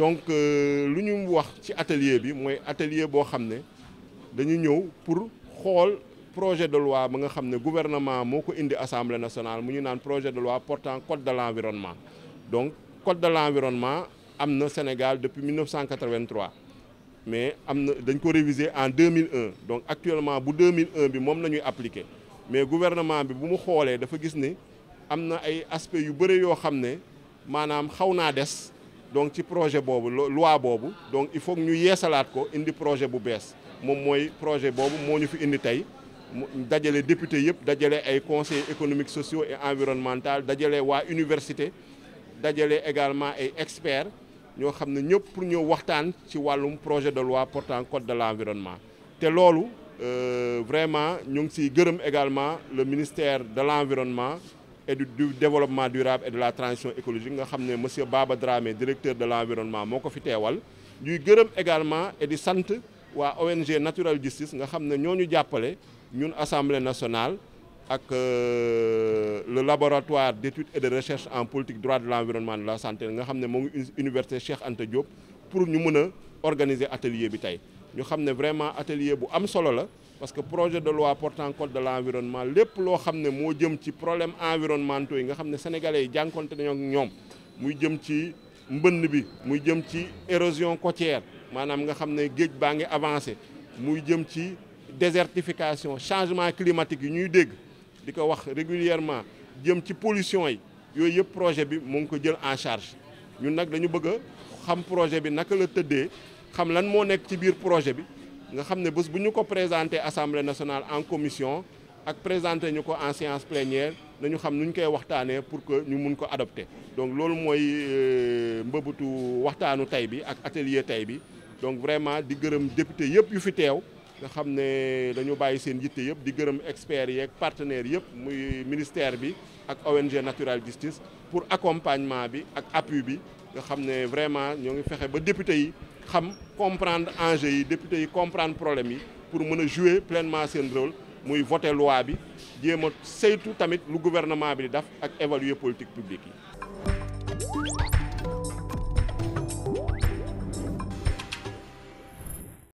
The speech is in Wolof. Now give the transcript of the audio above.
donc euh, lu ñu wax ci atelier bi mooy atelier boo xam ne dañu ñëw pour xool projet de loi ba nga xam ne gouvernement moo ko indi assemblée nationale mu ñu naan projet de loi portant code de l'environnement donc code de l'environnement am na Sénégal depuis 1983 mais am na dañ ko révisé en 2001 donc actuellement bu 2001 bi moom la ñuy mais gouvernement bi bu mu xoolee dafa gis ni am na ay aspects yu bëri yoo xam ne maanaam xaw naa des donc ci projet boobu loi boobu donc il faut ñu yeesalaat ko indi projet bu bees moom mooy projet boobu moo ñu fi indi tey dajale député yëpp dajale ay conseil économique sociaux et environnemental dajale waa université dajale également ay experts ñoo xam ne ñëpp pour ñëw waxtaan ci wàllum projet de loi portant code de l'environnement te loolu Euh, vraiment ñu ngi siy gërëm également le ministère de l' environnement et du développement durable et de la transition écologique nga xam ne monsieur Baba Dramé directeur de l' environnement moo ko fi teewal ñuy gërëm également et di sant waa ONG Natural Justice nga xam ne ñoo ñu jàppale ñun assemblée nationale ak euh, le laboratoire d' études et de recherche en politique droit de l' de la santé nga xam ne moo ngi université Cheikh Anta Diop pour ñu mën a organiser atelier bi tey. ñu xam ne vraiment atelier bu am solo la parce que projet de loi portant code de l'environnement lépp loo xam ne moo jëm ci problème environnementaux yi nga xam ne sénégalais yi jànkonte nañoo ñoom muy jëm ci mbënn bi muy jëm ci érosion côtière maanaam nga xam ne géej baa ngi avancé muy jëm ci désertification changement climatique yi ñuy dégg di ko wax régulièrement jëm ci pollution yi yooyu yëpp projet bi mu ngi ko jël en charge ñun nag dañu bëgg a xam projet bi naka la tëddee xam lan moo nekk ci biir projet bi nga xam ne bés bu ñu ko présenté assemblée nationale en commission ak présenté ñu ko en séance plénière nañu xam nu ñu koy waxtaanee pour que ñu mun ko adopté donc loolu mooy euh, mbëbatu waxtaanu tey bi ak atelier tey bi donc vraiment di gërëm député yëpp yu fi teew nga xam ne dañu bàyyi seen yitte yëpp di gërëm experts yeeg partenaires yëpp muy ministère bi ak ONG Natural Justice pour accompagnement bi ak appui bi nga xam ne vraiment ñoo ngi fexe ba député yi xam comprendre enjeux yi député yi comprendre problème yi pour mën a jouer pleinement seen rôle muy voter loi bi jéem a saytu tamit lu gouvernement bi di daf ak évaluer politique publique yi